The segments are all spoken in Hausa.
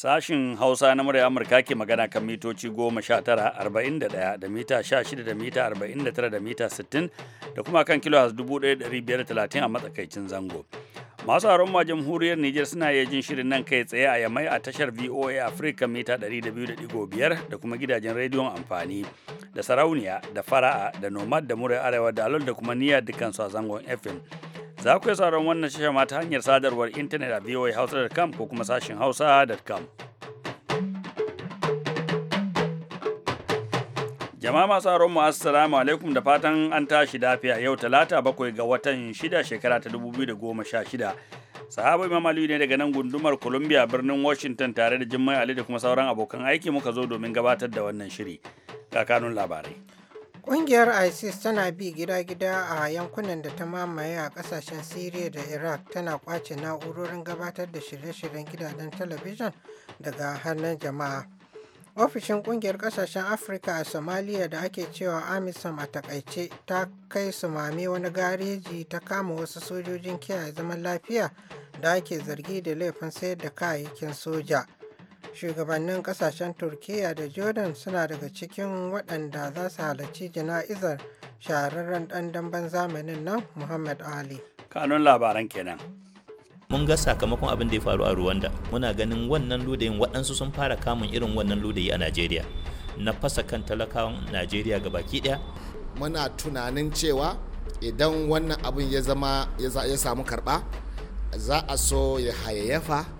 Sashin Hausa na murya Amurka ke magana kan mitoci goma sha tara arba'in da ɗaya da mita sha shida da mita arba'in da tara da mita sittin da kuma kan kilo dubu ɗaya da biyar talatin a matsakaicin zango. Masu haron ma jamhuriyar Nijar suna iya jin shirin nan kai tsaye a yamai a tashar VOA Africa mita 200.5 da kuma gidajen rediyon amfani da sarauniya da fara'a da nomad da murai arewa da alol da kuma niyya dukansu a zangon FM. Za ku sauran wannan tashar ma ta hanyar sadarwar intanet a voahausa.com ko kuma sashin hausa.com. Jama'a masu sauran mu assalamu alaikum da fatan an tashi lafiya yau talata bakwai ga watan shida shekara ta 2016. Sahaba Imam Aliyu ne daga nan gundumar Columbia birnin Washington tare da Jummai Ali da kuma sauran abokan aiki muka zo domin gabatar da wannan shiri. Kakanun labarai. Ƙungiyar ISIS tana bi gida-gida a yankunan da ta mamaye a ƙasashen Siriya da Iraq tana ƙwace na'urorin gabatar da shirye-shiryen gidajen talabijin daga hannun jama'a. Ofishin ƙungiyar ƙasashen Afirka a Somalia da ake cewa AMISOM a takaice ta kai su mame wani gareji ta kama wasu sojojin kiyaye zaman lafiya da ake zargi da laifin sayar da kayayyakin soja. shugabannin kasashen turkiya da jordan suna daga cikin waɗanda za su halarci jana'izar shahararren ɗan damben zamanin nan muhammad ali kanun labaran kenan mun ga sakamakon abin da ya faru a ruwanda muna ganin wannan ludayin waɗansu sun fara kamun irin wannan ludayi a Najeriya na fasa kan talakawan Najeriya ga baki ɗaya muna tunanin cewa idan wannan abin ya zama ya samu karɓa za a so ya hayayyafa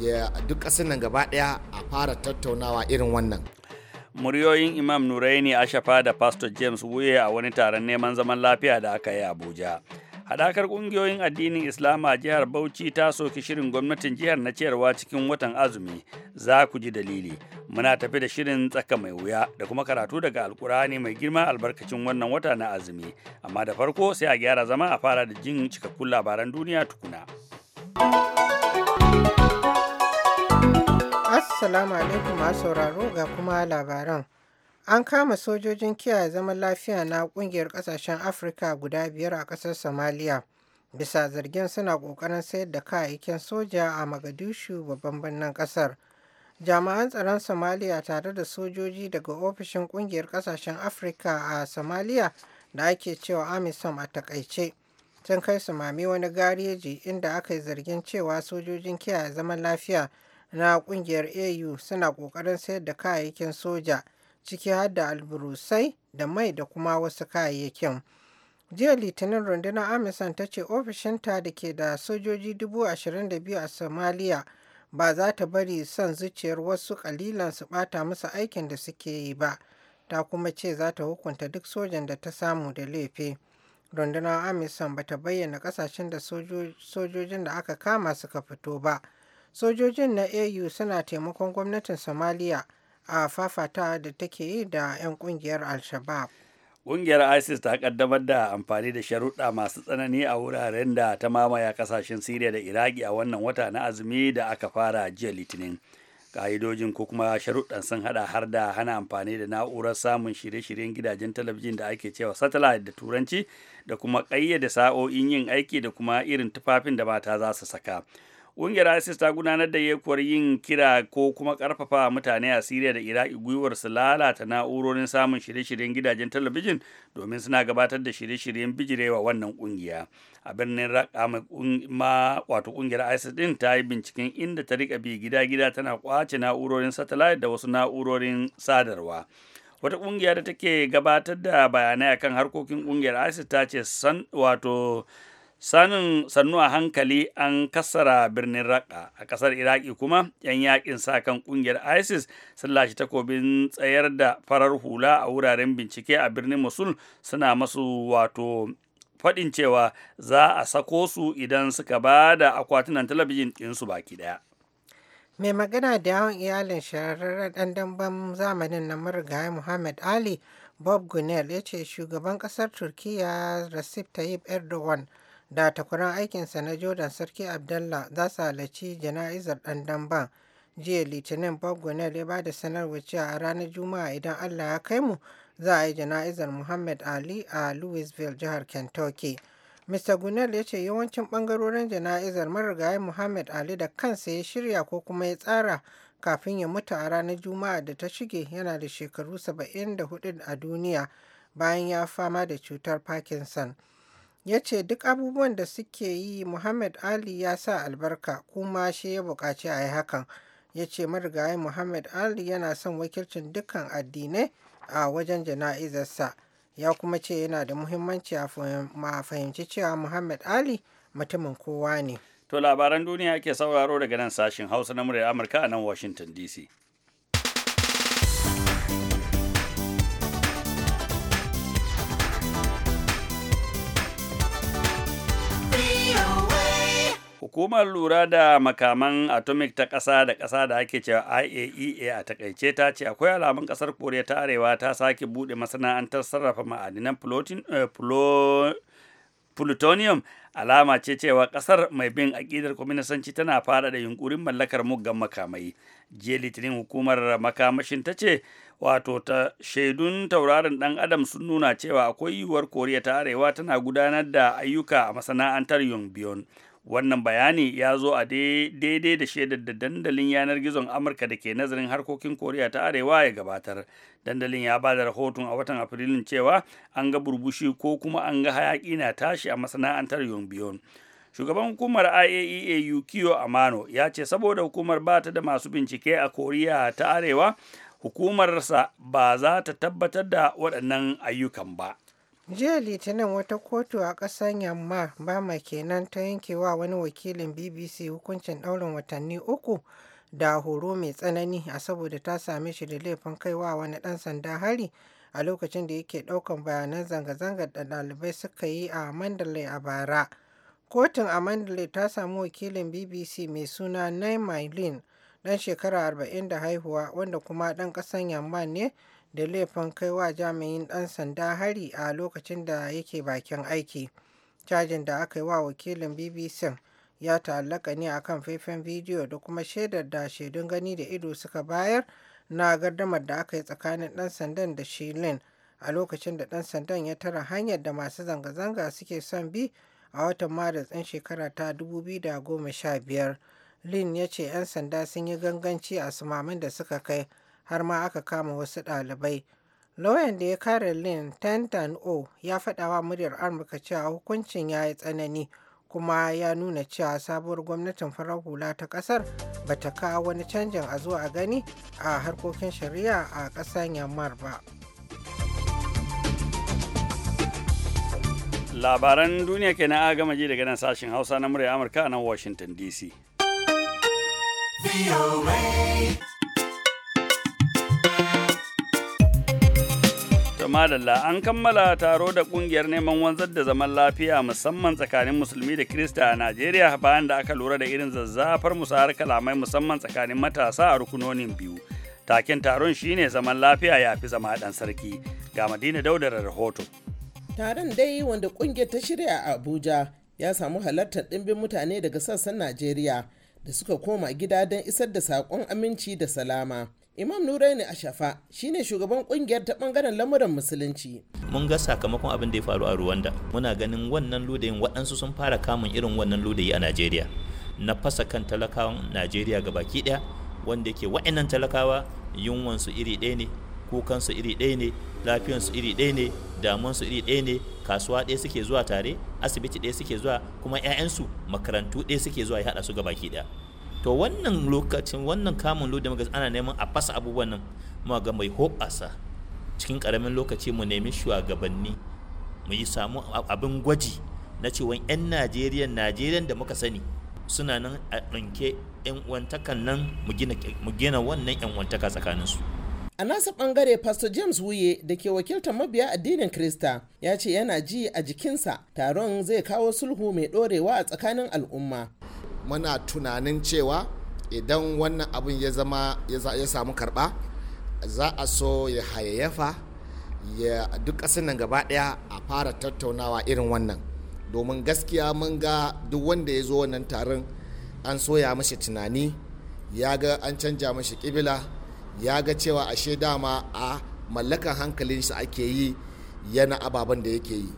ya duk ƙasar nan gaba ɗaya a fara tattaunawa irin wannan muryoyin imam nuraini ashafa da pastor james wuye a wani taron neman zaman lafiya da aka yi abuja hadakar ƙungiyoyin addinin islama a jihar bauchi ta soki shirin gwamnatin jihar na ciyarwa cikin watan azumi za ku ji dalili muna tafi da shirin tsaka mai wuya da kuma karatu daga alkurani mai girma albarkacin wannan wata na azumi amma da farko sai a gyara zama a fara da jin cikakkun labaran duniya tukuna. Assalamu alaikum masu sauraro ga kuma labaran. An kama sojojin kiyaye zaman lafiya na kungiyar kasashen Afirka guda biyar a kasar Somalia. Bisa zargin suna ƙoƙarin sayar da kayayyakin soja a Magadishu babban birnin kasar. Jami'an tsaron Somalia tare da sojoji daga ofishin kungiyar kasashen Afirka a Somalia da ake cewa AMISOM a takaice. Sun kai su mami wani gareji inda aka yi zargin cewa sojojin kiyaye zaman lafiya na kungiyar AU suna kokarin sayar da kayayyakin soja ciki har da alburusai da mai da kuma wasu kayayyakin. Jiya Litinin rundunar Amisan ta ce ofishinta da ke da sojoji 22,000 a Somalia ba za ta bari son zuciyar wasu kalilan su bata musu aikin da suke yi ba, ta kuma ce za ta hukunta duk sojan da ta samu da laifi. Rundunar Amisan ba ta bayyana kasashen da sojojin da aka kama suka fito ba. Sojojin na AU suna taimakon gwamnatin Somalia a fafata da take yi da 'yan kungiyar Al-Shabaab. Ƙungiyar ISIS ta kaddamar da amfani da sharuɗa masu tsanani a wuraren da ta mamaya kasashen Siriya da Iraki a wannan wata na azumi da aka fara jiya Litinin. Ƙa'idojin ko kuma sharuɗan sun hada har da hana amfani da na'urar samun shirye-shiryen gidajen talabijin da ake cewa satellite da turanci da kuma ƙayyade sa'o'in yin aiki da kuma irin tufafin da mata za su saka. Ƙungiyar ISIS ta gudanar da yekuwar yin kira ko kuma ƙarfafa mutane a Siriya da Iraki gwiwar su lalata na'urorin samun shirye-shiryen gidajen talabijin domin suna gabatar da shirye-shiryen bijirewa wannan ƙungiya. A birnin Raqqa ma wato ƙungiyar ISIS din ta yi binciken inda ta rika bi gida-gida tana kwace na'urorin satellite da wasu na'urorin sadarwa. Wata ƙungiya da take gabatar da bayanai akan harkokin ƙungiyar ISIS ta ce san wato sanin sannu a hankali an kassara birnin raqqa a kasar iraki kuma yan yakin kan ƙungiyar isis sun lashe takobin tsayar da farar hula a wuraren bincike a birnin mosul suna masu wato faɗin cewa za a sako su idan suka ba da akwatunan talabijin ɗinsu baki ɗaya mai magana da yawon iyalin shahararren ɗan damben zamanin na marigayi muhammad ali bob gunel ya ce shugaban ƙasar turkiya recep tayyip erdogan da takwaran aikinsa na jordan sarki Abdullah za su halarci jana'izar ɗan damben jiya litinin bob gonel ya ba da sanarwa cewa a ranar juma'a idan allah ya kai mu za a yi jana'izar muhammad ali a louisville jihar kentucky mr gunel ya ce yawancin ɓangarorin jana'izar marigayi muhammad ali da kansa ya shirya ko kuma ya tsara kafin ya mutu a ranar juma'a da ta shige yana da shekaru 74 a duniya bayan ya fama da cutar parkinson ya ce duk abubuwan da suke yi Muhammad Ali ya sa albarka kuma shi ya buƙaci a yi hakan. Ya ce marigayi Muhammad Ali yana son wakilcin dukkan addinai a wajen jana'izarsa. Ya kuma ce yana da muhimmanci a fahimci cewa Muhammad Ali mutumin kowa ne. To labaran duniya ke sauraro daga nan sashen Hausa na muryar Amurka a nan Washington DC. Hukumar lura da makaman atomic ta ƙasa da ƙasa da ake cewa IAEA a e takaice ta ce akwai alamun ƙasar Koriya ta Arewa ta sake buɗe masana'antar sarrafa ma'adinan eh, plutonium alama ce cewa ƙasar mai bin aƙidar kwaminisanci tana fara da yunkurin mallakar muggan makamai jiya litinin hukumar makamashin ta ce wato ta shaidun taurarin ɗan adam sun nuna cewa akwai yiwuwar koriya ta arewa tana gudanar da ayyuka a masana'antar yongbyon wannan bayani ya zo a daidai da shaidar da dandalin yanar gizon amurka da ke nazarin harkokin koriya ta arewa ya gabatar dandalin ya ba da rahoton a watan afrilun cewa an ga burbushi ko kuma an ga hayaki na tashi a masana'antar yombiyon, shugaban hukumar iaea e yukio amano ya ce saboda hukumar ba ta da masu bincike a koriya ta arewa hukumarsa ba za ta tabbatar da waɗannan ayyukan ba jiya litinin wata kotu a ƙasar yamma bama kenan ta yankewa wani wakilin bbc hukuncin ɗaurin watanni uku da horo mai tsanani a saboda ta sami shi da laifin kaiwa wani ɗan sanda hari a lokacin da yake ɗaukan bayanan zanga-zangar da ɗalibai suka yi a mandalay a bara kotun a mandalay ta samu wakilin bbc mai suna naima mylin ɗan shekara 40 da haihuwa wanda kuma ɗan ƙasar yamma ne da laifin kaiwa jami'in ɗan sanda hari a lokacin da yake bakin aiki. Cajin da aka yi wa wakilin BBC ya ta'allaka ne akan faifan bidiyo da kuma shaidar da shaidun gani da ido suka bayar na gardamar da aka yi tsakanin ɗan sandan da shilin a lokacin da ɗan sandan ya tara hanyar da masu zanga-zanga suke son bi a watan maris ɗin shekara ta 2015 lin ya ce 'yan sanda sun yi ganganci a sumamin da suka kai har ma aka kama wasu ɗalibai. Lauyan da ya kare Lin Tantan O ya faɗa wa muryar Amurka cewa hukuncin ya yi tsanani kuma ya nuna cewa sabuwar gwamnatin farar hula ta ƙasar ba ta kawo wani canjin a zuwa a gani a harkokin shari'a a ƙasar yammar ba. Labaran duniya kenan a gama ji daga nan sashen Hausa na murya Amurka a nan Washington DC. madalla an kammala taro da kungiyar neman wanzar da zaman lafiya musamman tsakanin musulmi da kirista a najeriya bayan da aka lura da irin zazzafar musayar kalamai musamman tsakanin matasa a rukunonin biyu taken taron shine zaman lafiya ya fi zama dan sarki ga madina daudar rahoto taron dai wanda kungiyar ta shirya a abuja ya samu halartar ɗimbin mutane daga sassan najeriya da suka koma gida don isar da saƙon aminci da salama Imam ne shafa Ashafa ne shugaban kungiyar ta bangaren lamuran musulunci. Mun ga sakamakon abin da ya faru a ruwanda Muna ganin wannan ludayin waɗansu sun fara kamun irin wannan ludayi a Najeriya. Na fasa kan talakawan Najeriya ga baki ɗaya wanda yake wa'annan talakawa yunwansu iri ɗaya ne, kukansu iri ɗaya ne, lafiyansu iri ɗaya ne, damuwansu iri ɗaya ne, kasuwa ɗaya suke zuwa tare, asibiti ɗaya suke zuwa, kuma 'ya'yansu makarantu ɗaya suke zuwa ya haɗa su ga baki ɗaya. to wannan lokacin wannan kamun lodin magas ana neman a fasa abubuwan nan mu ga mai hoɓasa cikin ƙaramin lokaci mu nemi shugabanni mu yi samu abin gwaji na cewa 'yan najeriya najeriyan da muka sani suna nan a ɗanke 'yan wantakan nan mu gina wannan 'yan wantaka tsakanin su. a nasa bangare pastor james wuye da ke wakiltar mabiya addinin krista ya ce yana ji a jikinsa taron zai kawo sulhu mai ɗorewa a tsakanin al'umma muna tunanin cewa idan wannan abin ya zama ya samu karba za a so ya hayayyafa ya duk ƙasar nan gaba ɗaya a fara tattaunawa irin wannan domin gaskiya mun ga duk wanda ya zo wannan taron an soya mashi tunani ya ga an canja mashi ƙibila ya ga cewa ashe dama a mallakan hankalinsa ake yi yana ababen da yake yi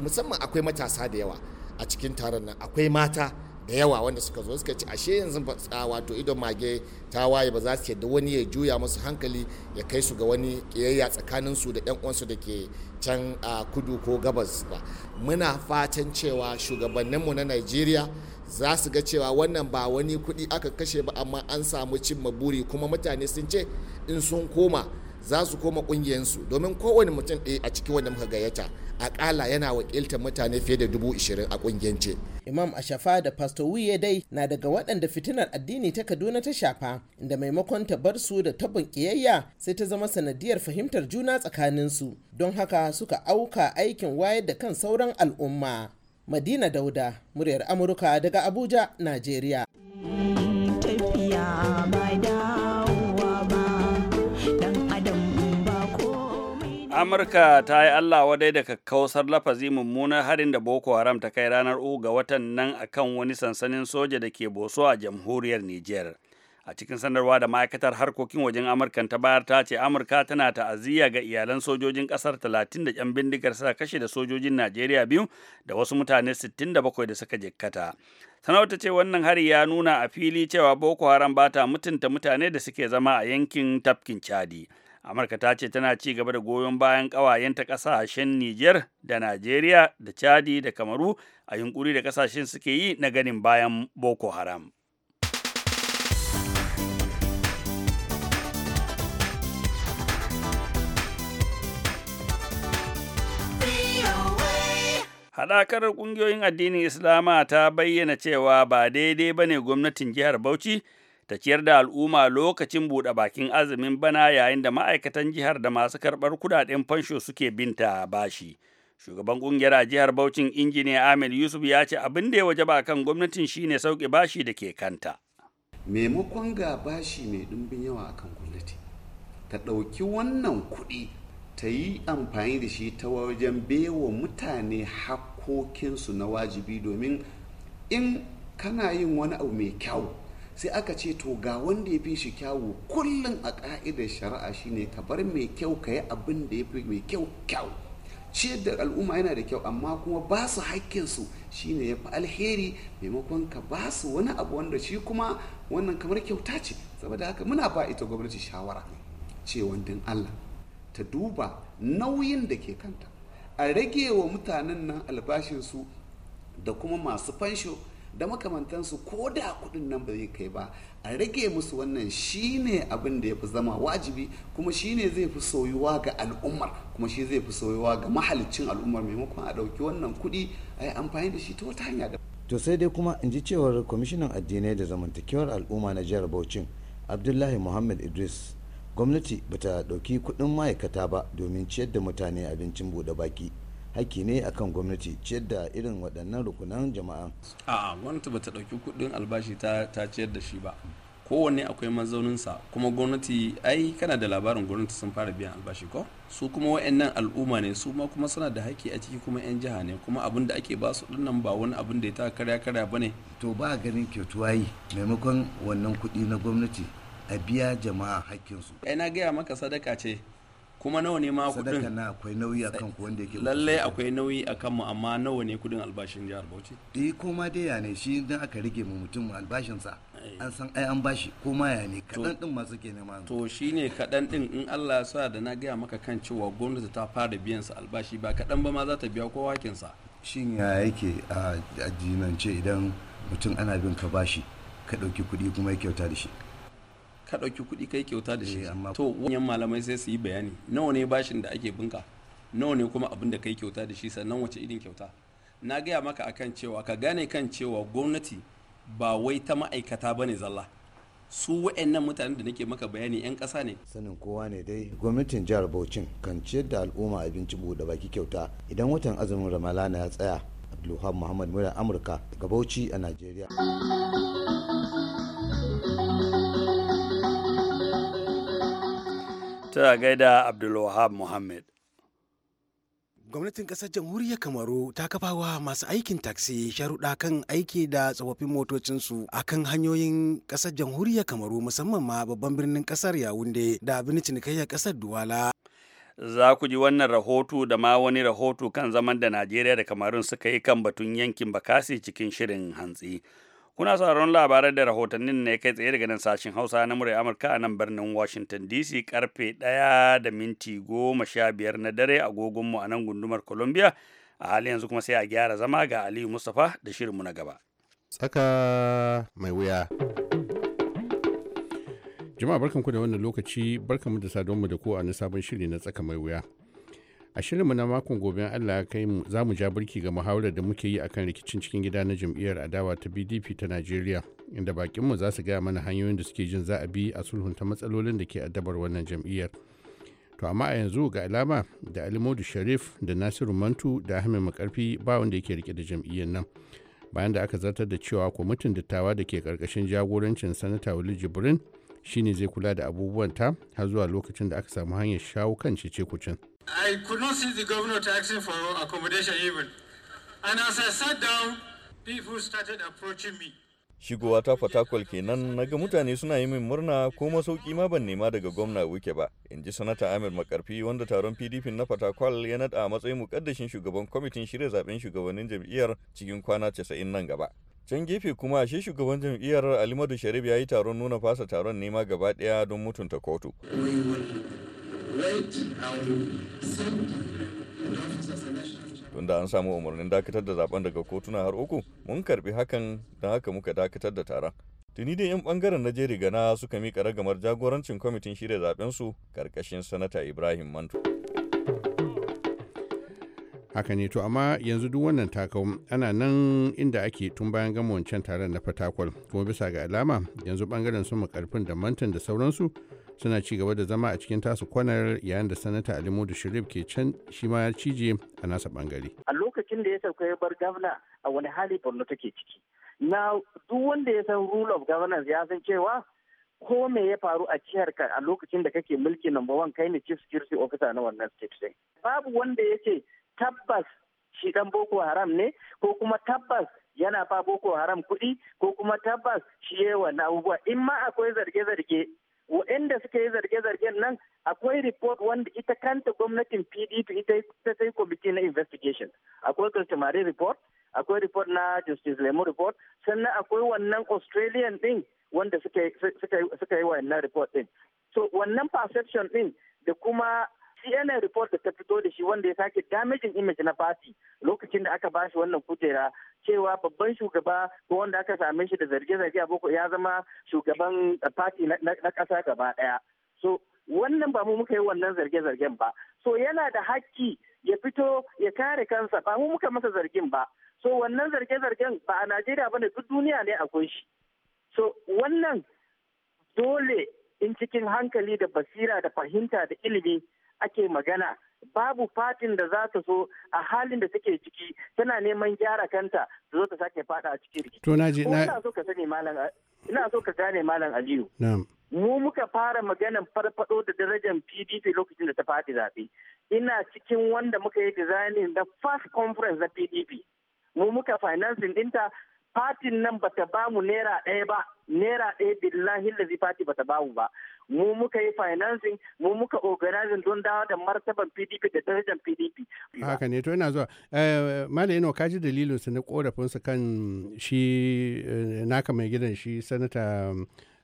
musamman akwai matasa da yawa a cikin taron nan akwai mata da yawa wanda suka zo suka ci ashe yanzu wato idon mage ta waye ba za su yadda wani ya juya musu hankali ya kai su ga wani kiyayya tsakanin su da yan uwansu da ke can a kudu ko gabas ba muna fatan cewa shugabanninmu na Najeriya za su ga cewa wannan ba wani kuɗi aka kashe ba amma an samu cimma buri kuma mutane sun ce in sun koma za su koma ƙungiyarsu domin kowane mutum ɗaya a cikin wani muka gayyata a ƙala yana wakiltar mutane fiye da dubu ishirin a kungiyance. imam ashafa da pastor wiye dai na daga waɗanda fitinar addini ta kaduna ta shafa inda maimakon ta bar su da tabin ƙiyayya sai ta zama sanadiyar fahimtar juna tsakaninsu don haka suka auka aikin wayar da kan sauran al'umma madina dauda muryar amurka daga abuja najeriya tafiya Amurka ta yi Allah wadai da kakkausar lafazi mummunar harin da Boko Haram ta kai ranar uku ga watan nan akan wani sansanin soja da ke boso a jamhuriyar Nijar. A cikin sanarwa da ma'aikatar harkokin wajen Amurka ta bayar ta ce Amurka tana ta'aziyya ga iyalan sojojin kasar 30 da 'yan bindigar sa kashe da sojojin Najeriya biyu da wasu mutane 67 da suka jikkata. sanarwar ta ce wannan hari ya nuna a fili cewa Boko Haram ba ta mutunta mutane da suke zama a yankin tafkin Chadi. amurka ta ce tana ci gaba da goyon bayan ƙawayenta ƙasashen niger da najeriya da chadi da kamaru a yunkuri da ƙasashen suke yi na ganin bayan boko haram Haɗakar ƙungiyoyin addinin Islama ta bayyana cewa ba daidai ba ne gwamnatin jihar Bauchi ta ciyar da al'umma lokacin buɗe bakin azumin bana yayin da ma'aikatan jihar da masu karɓar kudaden fansho suke binta bashi. Shugaban ƙungiyar a jihar Bauchin injiniya Ahmed Yusuf ya ce abin da ya waje ba kan gwamnatin shine sauke bashi da ke kanta. Maimakon ga bashi mai ɗumbin yawa akan gwamnati, ta ɗauki wannan kuɗi ta yi amfani da shi ta wajen baiwa mutane hakkokinsu na wajibi domin in kana yin wani abu mai kyau sai aka ce to ga wanda ya fi shi kyawu kullum a ka'idar shari'a shine ka bar mai kyau ka yi abin da ya fi mai kyau kyau ciyar da al'umma yana da kyau amma kuma ba su haƙƙinsu shine ya fi alheri maimakon ka ba su wani abu wanda shi kuma wannan kamar kyauta ce saboda haka muna ba ita gwamnati shawara cewa din allah ta duba nauyin da ke kanta a rage wa mutanen nan albashinsu da kuma masu fansho da makamantansu ko da kudin nan ba zai kai ba a rage musu wannan shine abin da ya fi zama wajibi kuma shine zai fi soyuwa ga al'ummar kuma shi zai fi soyuwa ga mahalicin al'ummar maimakon a ɗauki wannan kuɗi a yi amfani da shi ta wata hanya da to sai dai kuma in ji cewar kwamishinan addinai da zamantakewar al'umma na jihar bauchi abdullahi muhammad idris gwamnati bata ɗauki kuɗin ma'aikata ba domin ciyar da mutane abincin bude baki hakki ne akan gwamnati ciyar da irin waɗannan rukunan jama'a a'a gwamnati bata ɗauki kuɗin albashi ta ciyar da shi ba kowanne akwai mazauninsa kuma gwamnati ai kana da labarin gwamnati sun fara biyan albashi ko su kuma wayannan al'umma ne su ma kuma suna da haƙƙi a ciki kuma yan jiha ne kuma abin da ake basu dinnan ba wani abin da ya ta karya karya ne. to ba ganin kyautuwa yi maimakon wannan kuɗi na gwamnati a biya jama'a haƙƙinsu ai na gaya maka sadaka ce kuma nawa ne ma kudin sadaka na akwai nauyi akan ku wanda yake lalle akwai nauyi akan mu amma nawa ne kudin albashin jihar Bauchi eh koma dai ya ne shi dan aka rige mu mutum albashin sa eh. an san ai an bashi koma ya ne kadan din ma suke nema to shine kadan din in Allah ya sa da na gaya maka kan cewa gwamnati ta fara biyan sa albashi ba kadan ba ma za ta biya kowa hakin sa shin ya yake a jinance idan mutum ana bin ka bashi ka dauki kudi kuma ya kyauta da shi ka ɗauki kuɗi kai kyauta da shi eh, amma to wannan malamai sai su yi bayani nawa ne bashin da ake binka nawa ne kuma abin da kai kyauta da shi sannan wace irin kyauta na gaya maka akan cewa ka gane kan cewa gwamnati ba wai ta ma'aikata ba ne zalla su wa'annan mutanen da nake maka bayani 'yan kasa ne sanin kowa ne dai gwamnatin jihar bauchin kan ciyar da al'umma abinci buɗe baki kyauta idan watan azumin ramalana ya tsaya abdulhamid muhammad mura amurka daga bauchi a najeriya ta gaida Abdulwahab Muhammad. gwamnatin kasar jamhuriyar kamaru ta kafa wa masu aikin taksi sharuɗa kan aiki da tsofaffin motocinsu a kan hanyoyin ƙasar jamhuriyar kamaru musamman ma babban birnin ƙasar yawunde da abin cinikayyar ƙasar duwala za ku ji wannan rahoto da ma wani rahoto kan zaman da najeriya da kamarun suka yi kan batun yankin bakasi cikin shirin hantsi Kuna sauraron labarai da rahotannin ne kai tsaye daga nan sashen Hausa na murya Amurka a nan birnin Washington DC karfe ɗaya da minti goma sha biyar na dare agogonmu a nan gundumar Columbia. A halin yanzu kuma sai a gyara zama ga Aliyu Mustapha da shirinmu na gaba. Tsaka mai wuya. Jama'a barkanku da wannan lokaci barkanmu da saduwanmu da ko a na sabon shiri na tsaka mai wuya. a shirin mu na makon gobe allah ya kai mu za mu ja birki ga muhawarar da muke yi akan rikicin cikin gida na jam'iyyar adawa ta bdp ta najeriya inda bakinmu za su gaya mana hanyoyin da suke jin za a bi a sulhunta matsalolin da ke addabar wannan jam'iyyar to amma a yanzu ga alama da alimodu sharif da nasiru mantu da ahmed makarfi ba wanda yake rike da jam'iyyar nan bayan da aka zartar da cewa kwamitin dattawa da ke karkashin jagorancin sanata wali jibrin shine zai kula da abubuwan ta har zuwa lokacin da aka samu hanyar shawo kan cece kucin I could not see the governor asking for accommodation even. And as I sat down, people started approaching me. Shigowa ta fatakwal kenan na ga mutane suna yi min murna ko masauki ma ban nema daga gwamna wuke ba, in ji sanata Amir Makarfi wanda taron PDP na fatakwal ya naɗa a matsayin mukaddashin shugaban kwamitin shirya zaben shugabannin jam'iyyar cikin kwana 90 nan gaba. can gefe kuma shi shugaban jam'iyyar alimadu sharif ya yi taron nuna fasa taron nema gaba ɗaya don mutunta kotu tunda an samu umarnin dakatar da zaben daga kotuna har uku mun karbi hakan don haka muka dakatar da taron tuni da 'yan bangaren na jeri gana suka mika ragamar jagorancin kwamitin shirya zaɓensu karkashin sanata ibrahim mantu haka ne to amma yanzu duk wannan takau ana nan inda ake tun bayan gama wancan taron na fatakwal kuma bisa ga alama yanzu bangaren su karfin da mantan da sauransu suna ci gaba da zama a cikin tasu kwanar yayin da sanata alimudu shirif ke can shi ma ya cije a nasa bangare a lokacin da ya sauka ya bar gavna a wani hali borno take ciki na duk wanda ya san rule of governance ya san cewa ko me ya faru a cihar ka a lokacin da kake mulki number one kai ne chief security officer na wannan state din babu wanda ya ce tabbas shi dan boko haram ne ko kuma tabbas yana fa boko haram kuɗi ko kuma tabbas shi yayi wannan abubuwa in ma akwai zarge-zarge waɗanda suka yi zarge-zargen nan akwai report wanda ita kanta gwamnatin pdp ita ta sai kwamiti na investigation akwai kultumari report akwai report na justice lemu report sannan akwai wannan australian din wanda suka yi wannan report din so wannan perception din da kuma CNN report da ta fito da shi wanda ya sake damaging image na party lokacin da aka ba shi wannan kujera cewa babban shugaba ko wanda aka same shi da zarge-zarge a boko ya zama shugaban party na ƙasa gaba ɗaya. So wannan ba mu muka yi wannan zarge-zargen ba. So yana da hakki ya fito ya kare kansa ba mu muka masa zargin ba. So wannan zarge-zargen ba a Najeriya ba ne duk duniya ne akwai shi. So wannan dole in cikin hankali da basira da fahimta da ilimi ake magana babu fatin da za ta so a halin da take ciki tana neman gyara kanta da zo ta sake fada a cikin riki To naji na ina so ka gane malam Aliyu. Mu muka fara maganan farfado da darajar PDP lokacin da ta fadi zaɓe. Ina cikin wanda muka yi designing da first conference na PDP. Mu muka financing dinta fatin nan bata bamu nera ɗaya ba naira ɗaya billahi lazi fati bata bamu ba mu muka yi financing mu muka organizing don dawo da martaban pdp da darajar pdp haka ne to ina zuwa eh, malam ino kaji dalilin su na korafin su kan shi eh, naka mai gidan shi sanata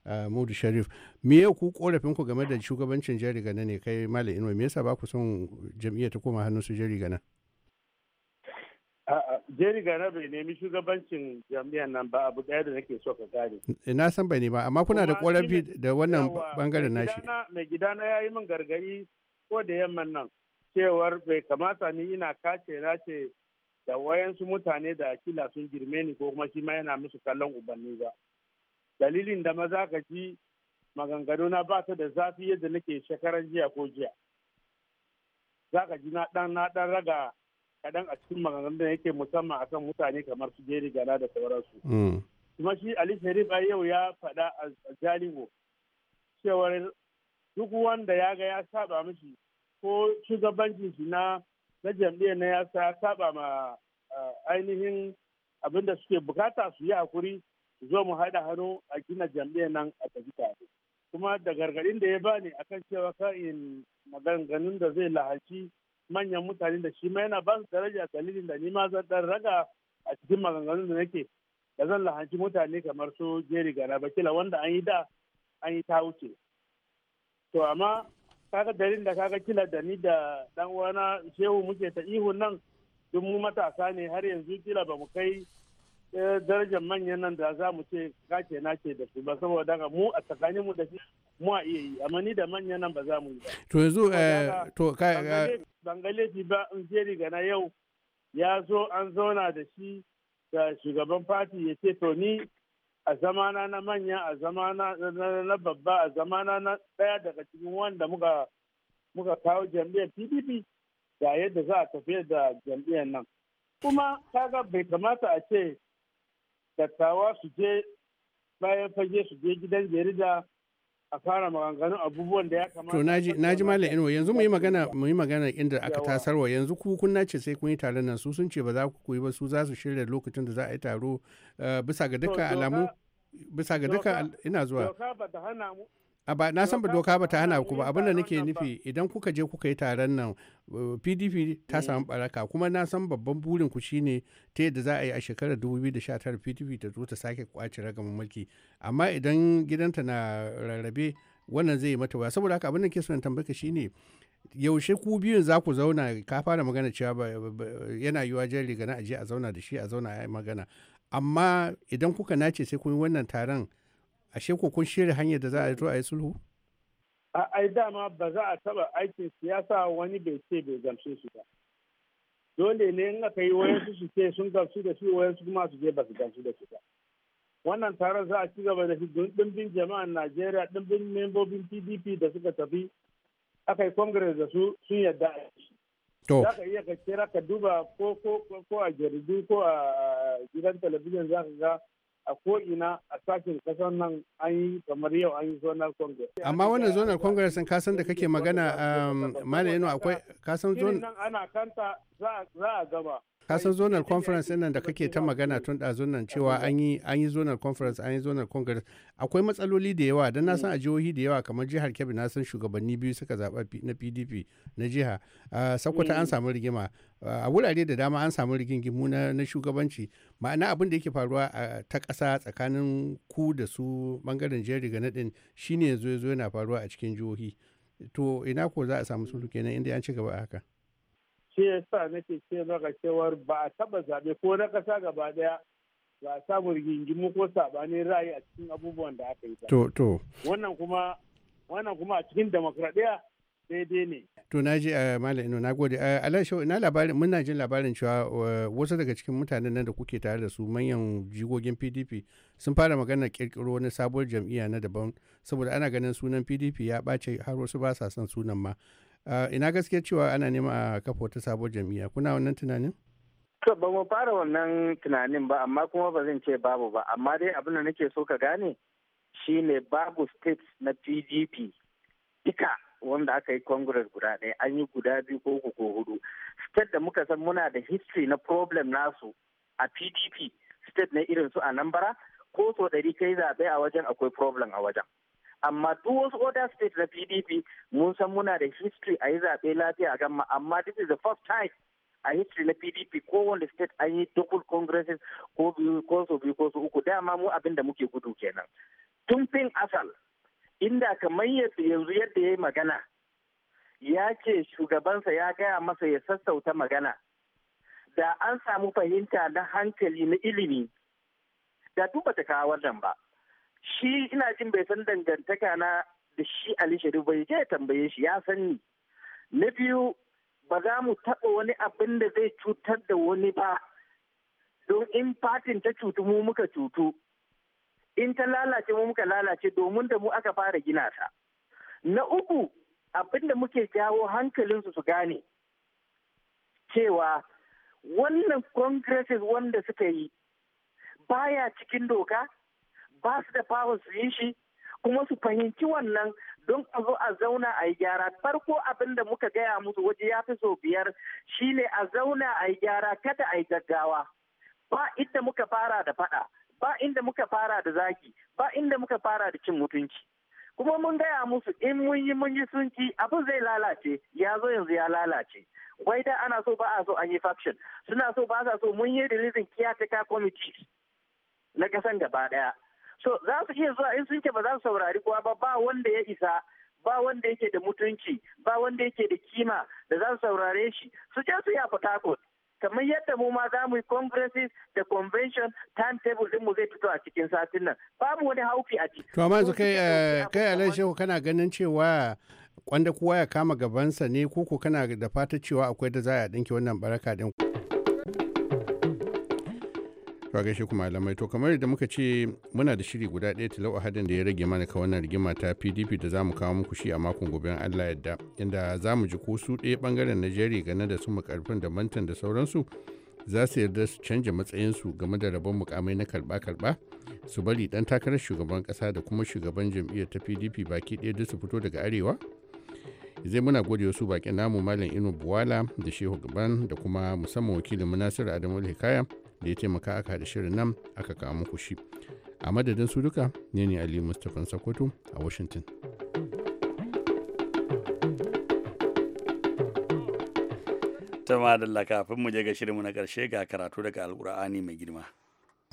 eh, Mudu Sharif me ya ku korafin ku game da shugabancin jari gana ne kai malam ino me yasa ba ku son jam'iyyar ta koma hannun su jari gana Jerry Gana bai nemi shugabancin jami'an nan ba abu daya da nake so ka gane. Eh, na san bai nema amma kuna da korafi da wannan bangaren nashi. Mai gidana ya yi min gargari ko da yamman nan cewar bai kamata ni ina kace na ce da wayansu mutane da akila sun girme ni ko kuma shi ma yana musu kallon ubanni ba. Dalilin da maza ka ji maganganu na ba ta da zafi yadda nake shekaran jiya ko jiya. Za ka ji na ɗan na ɗan raga kaɗan a cikin maganganun da yake musamman a kan mutane kamar su jeri gana da sauransu. Mm. Kuma shi Ali Sharif yau ya faɗa a Jalingo cewar duk wanda ya ga ya saba mishi ko shugabancin shi na na jam'iyyar na ya saba ma eh, ainihin abinda suke bukata su yi hakuri su zo mu haɗa hannu a gina jam'iyyar nan a tafi tare. Kuma da gargaɗin da ya bani akan cewa kan maganganun da zai lahaci manyan mutane da shi ma yana ba su daraja dalilin da ni ma zan dan raga a cikin maganganun da nake da zan lahanci mutane kamar su jeri gana bakila wanda an yi da an yi ta wuce to amma kaga darin da kaga kila da ni da dan uwana shehu muke ta ihun nan duk mu matasa ne har yanzu kila ba mu kai eh, darajar manyan nan da za mu ce kake na ke da su ba saboda mu a tsakaninmu da shi mu a iya yi amma ni da manya nan ba za mu yi to yanzu eh, to kai ban eh, ba in je riga na yau ya zo an zauna da shi da shugaban fati ya ce to ni a zamana na manya a zamana na babba a zamana na daya daga cikin wanda muka muka kawo jam'iyyar pdp ga yadda za a tafi da jam'iyyar nan kuma kaga bai kamata a ce dattawa su je bayan fage su je gidan jarida a fara maganganun abubuwan da ya kamata. To naji naji malam Inuwa yanzu mu yi magana mu yi magana inda aka tasarwa yanzu ku kun nace sai kun yi taron nan su sun ce ba za ku yi ba su za su shirya lokacin da za a yi taro eh, bisa ga dukkan alamu bisa ga dukkan ina zuwa. Doka ba ta hana mu ba na san ba doka ba ta hana ku ba abin da nake nufi idan kuka je kuka yi taron nan pdp eh, ta mm. samu baraka kuma na san babban burin ku shine ta yadda za a yi a shekarar 2019 pdp ta zo ta sake kwace ragamin mulki amma idan gidanta na rarrabe wannan zai yi mata waya saboda haka abin da ke son tambaka shine yaushe ku biyun za ku zauna ka fara magana cewa yana yiwa jan riga na aje a zauna da shi a zauna a magana amma idan kuka nace sai kun yi wannan taron ashe ko kun shirya hanyar da za a zo a yi sulhu a ai dama ba za a taba aikin siyasa wani bai ce bai gamshe su ba dole ne in aka yi wayan su ce sun gamsu da shi su kuma su je ba su gamsu da su ba wannan taron za a ci gaba da shi dimbin jama'an najeriya dimbin membobin pdp da suka tafi aka yi congress da su sun yadda a shi za ka iya ka kira ka duba ko a jaridu ko a gidan talabijin za ka ga a ko'ina a sashen kasar nan an yi kamar yau an yi zonar congress. amma wannan zonar congress sun kasan da kake magana um, malam akwai kasan zonar ana kanta za a gaba kasan zonal conference nan da kake ta magana tun ɗazun nan cewa an yi an yi zonal conference an yi zonal congress akwai matsaloli da yawa dan na san a jihohi da yawa kamar jihar kebbi na san shugabanni biyu suka zaɓa na pdp na jiha sakwata an mm. samu rigima a wurare da dama an samu rigingimu na shugabanci ma'ana abin da yake faruwa a ta ƙasa tsakanin ku da su bangaren jerry ga naɗin shine yanzu yanzu yana faruwa a cikin jihohi to ina ko za a samu sulu kenan inda an ci gaba a haka. shi yasa nake ce maka cewar ba a taba zaɓe ko na ƙasa gaba ɗaya ba a samu rigingimu ko saɓanin ra'ayi a cikin abubuwan da aka yi ba. To to. Wannan kuma wannan kuma a cikin demokradiyya daidai ne. To na ji eh, Malam Ino na gode. Eh, Alasho ina labarin muna jin labarin cewa eh, wasu daga cikin mutanen nan da kuke tare da su manyan jigogin PDP sun fara magana kirkiro wani sabuwar jam'iyya na daban saboda ana ganin sunan PDP ya ɓace har wasu ba sa son sunan ma. Eh, ina gaskiya cewa ana nema a kafa wata sabon jam'iyya kuna wannan tunanin to ba mu fara wannan tunanin ba amma kuma ba zan ce babu ba amma dai abin da nake so ka gane shine babu state na pdp dika wanda aka yi congress guda ɗaya an yi guda biyu ko uku ko hudu state da muka san muna da history na problem nasu a pdp state na irin su a nambara ko so ɗari kai zaɓe a wajen akwai problem a wajen amma duk wasu oda state na pdp mun san muna da history a yi zaɓe lafiya a gama amma this is the first time a history na pdp kowane state an yi double congresses ko biyu ko so biyu ko so uku dama mu abin da muke gudu kenan tun fin asal inda kamar yadda yanzu yadda ya yi magana ya ce shugabansa ya gaya masa ya sassauta magana da an samu fahimta na hankali na ilimi da duk bata kawo wannan ba shi ina jin bai san dangantaka na da shi Ali Sharif bai je tambaye shi ya san ni na biyu ba za mu taɓa wani abin da zai cutar da wani ba don in fatin ta cutu mu muka cutu in ta lalace mu muka lalace domin da mu aka fara gina ta na uku abin da muke jawo hankalinsu su gane cewa wannan congresses wanda suka yi baya cikin doka ba su da fawo su yi shi kuma su fahimci wannan don a zo a zauna a yi gyara farko abin da muka gaya musu waje ya fi so biyar shine a zauna a yi gyara kada a yi gaggawa ba inda muka fara da fada ba inda muka fara da zaki ba inda muka fara da cin mutunci kuma mun gaya musu in mun yi mun yi sunci abin zai lalace ya zo yanzu ya lalace wai da ana so ba a so an yi faction suna so ba sa so mun yi releasing caretaker committee na kasan gaba daya so za su iya zuwa in sun ce ba za su saurari kowa ba ba wanda ya isa ba wanda yake da mutunci ba wanda yake da kima da za su saurare shi su je su ya a kamar yadda mu ma za mu yi congresses da convention timetable din mu zai fito a cikin satin nan babu wani haufi a ciki to amma kai eh, kai Alhaji Shehu kana ganin cewa kwanda kowa ya kama gabansa ne koko kana da fata cewa akwai da za a dinki wannan baraka din ka gaishe kuma malamai to kamar da muka ce muna da shiri guda ɗaya ta a hadin da ya rage mana ka wannan rigima ta pdp da za mu kawo muku shi a makon gobe allah yadda inda za mu ji ko su ɗaya ɓangaren najeriya gane da su makarfin da mantan da sauransu za su yarda su canja matsayinsu game da rabon mukamai na karɓa-karɓa su bari ɗan takarar shugaban kasa da kuma shugaban jam'iyyar ta pdp baki ɗaya duk su fito daga arewa zai muna gode wasu bakin namu malam inu buwala da shehu gaban da kuma musamman wakilin munasir adamu hikaya da ya taimaka aka haɗa shirin nan aka kawo kushi shi a madadin su duka ne ne ali mustapha sakwato a washington tama da kafin mu je ga shirinmu na ƙarshe ga karatu daga alkur'ani mai girma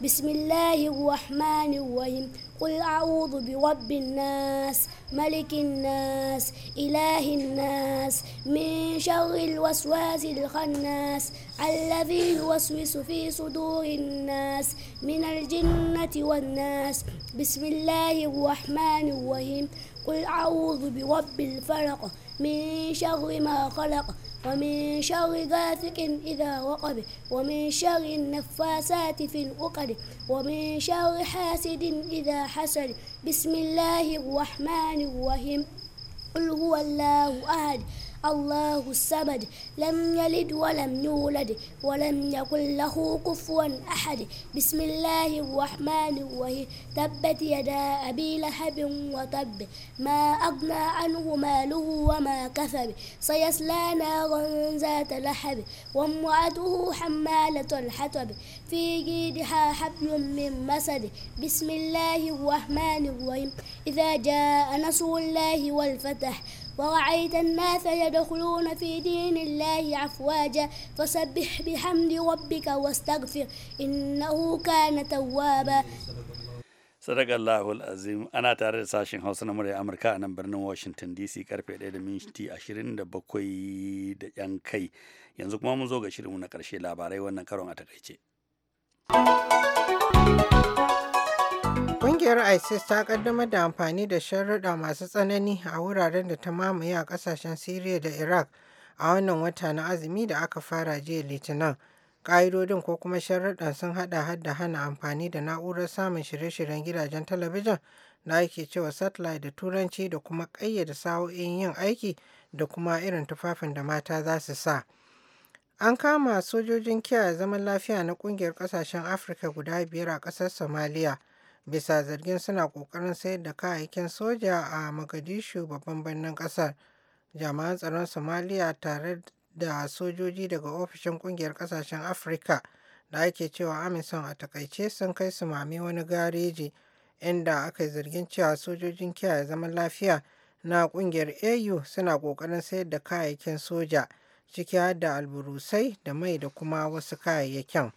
بسم الله الرحمن الرحيم قل أعوذ برب الناس ملك الناس إله الناس من شر الوسواس الخناس الذي يوسوس في صدور الناس من الجنة والناس بسم الله الرحمن الرحيم قل أعوذ برب الفلق من شر ما خلق ومن شر غاسق إذا وقب ومن شر النفاسات في العقد ومن شر حاسد إذا حسد بسم الله الرحمن الرحيم قل هو الله أحد الله السمد لم يلد ولم يولد ولم يكن له كفوا أحد بسم الله الرحمن الرحيم تبت يدا أبي لهب وتب ما أغنى عنه ماله وما كسب سيصلى نارا ذات لهب وامرأته حمالة الحطب في جيدها حبل من مسد بسم الله الرحمن الرحيم إذا جاء نصر الله والفتح ورأيت الناس يدخلون في دين الله أفواجا فسبح بحمد ربك واستغفر إنه كان توابا صدق الله العظيم أنا تعرض ساشن حسن مري أمريكا نمبر واشنطن دي سي كارفة دي دمينشتي أشرين دي yanzu kuma mun zo ga shirinmu na ƙarshe labarai wannan karon a takaice. Ƙungiyar ISIS ta ƙaddamar da amfani da sharruɗa masu tsanani a wuraren da ta mamaye a ƙasashen Syria da Iraq a wannan wata na azumi da aka fara jiya Litinin. Ƙa'idodin ko kuma sharuɗan sun haɗa har da hana amfani da na'urar samun shirye-shiryen gidajen talabijin da ake cewa satellite da turanci da kuma ƙayyade sa'o'in yin aiki da kuma irin tufafin da mata za su sa. An kama sojojin kiyaye zaman lafiya na ƙungiyar ƙasashen Afirka guda biyar a ƙasar somaliya. bisa zargin suna ƙoƙarin sayar da kayayyakin soja a Mogadishu babban birnin ƙasar. Jami'an tsaron Somalia tare da sojoji daga ofishin ƙungiyar ƙasashen Afirka da ake cewa Amison a takaice sun kai su mami wani gareji inda aka yi zargin cewa sojojin kiyaye zaman lafiya na ƙungiyar AU suna ƙoƙarin sayar da kayayyakin soja ciki har da alburusai da mai da kuma wasu kayayyakin.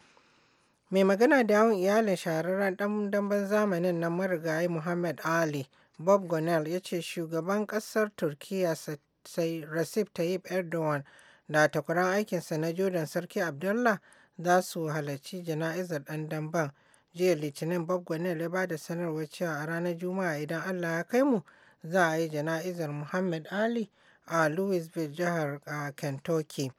Mai magana da yawon iyalin shahararren ɗan damben zamanin na marigayi Muhammad Ali, Bob gonel ya ce shugaban ƙasar Turkiyya Recep Tayyip Erdogan da takwaran aikinsa na Jordan Sarki Abdullah za su halarci jana'izar ɗan damben. Jiya Litinin Bob gonel ya da sanarwar cewa a ranar Juma'a idan Allah ya kai mu za a yi jana'izar Muhammad Ali a Louisville jihar Kentucky.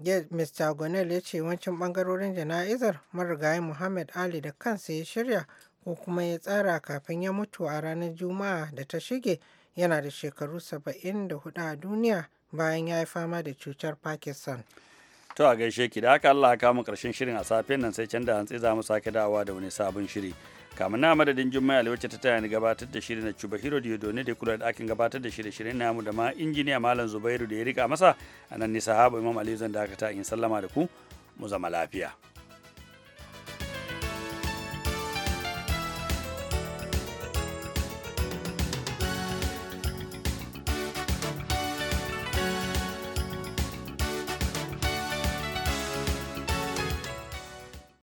Mr. gonel ya ce yawancin ɓangarorin jana'izar marigayi Muhammad Ali da kansa ya shirya ko kuma ya tsara kafin ya mutu a ranar Juma'a da ta shige yana da shekaru 74 a duniya bayan ya yi fama da cutar pakistan. To a gaishe ki da haka Allah kawo mu karshen shirin a safiyan nan sai can da hantsi za mu sake dawowa da wani sabon shiri. kamar na madadin jummai wacce ta tayani gabatar da shirin na cuba hiro ne da kula da ɗakin gabatar da shirye shirye namu da ma injiniya malam zubairu da ya rika masa a nan nisa habu imam aliyu zan dakata in sallama da ku mu zama lafiya